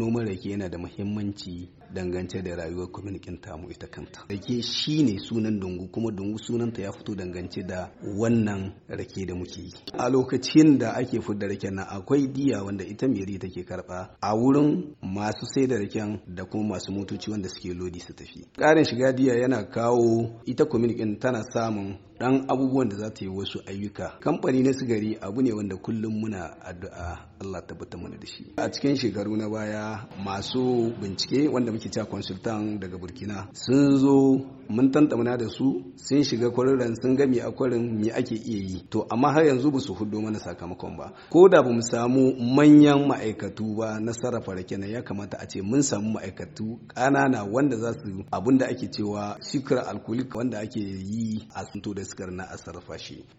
noman rake yana da muhimmanci dangance da rayuwar kwaminikin tamu ita kanta rake shi ne sunan dungu kuma dungu sunanta ya fito dangance da wannan rake da muke yi a lokacin da ake fudda rake na akwai diya wanda ita meri take karba a wurin masu sai da raken da kuma masu motoci wanda suke lodi su tafi Karin shiga diya yana kawo ita kwamitin tana samun dan abubuwan da za ta yi wasu ayyuka kamfani na sigari abu ne wanda kullum muna addu'a Allah tabbata mana da shi a cikin shekaru na baya masu bincike wanda muke cewa consultant daga burkina sun zo mun tantamana da su sun shiga kwararren sun ga me a kwarin me ake iya yi to amma har yanzu ba su hudo mana sakamakon ba ko da ba mu samu manyan ma'aikatu ba na sarrafa rake nan ya kamata a ce mun samu ma'aikatu ƙanana wanda za su abinda da ake cewa sikra alkolik wanda ake yi a sunto da sukar na a sarrafa shi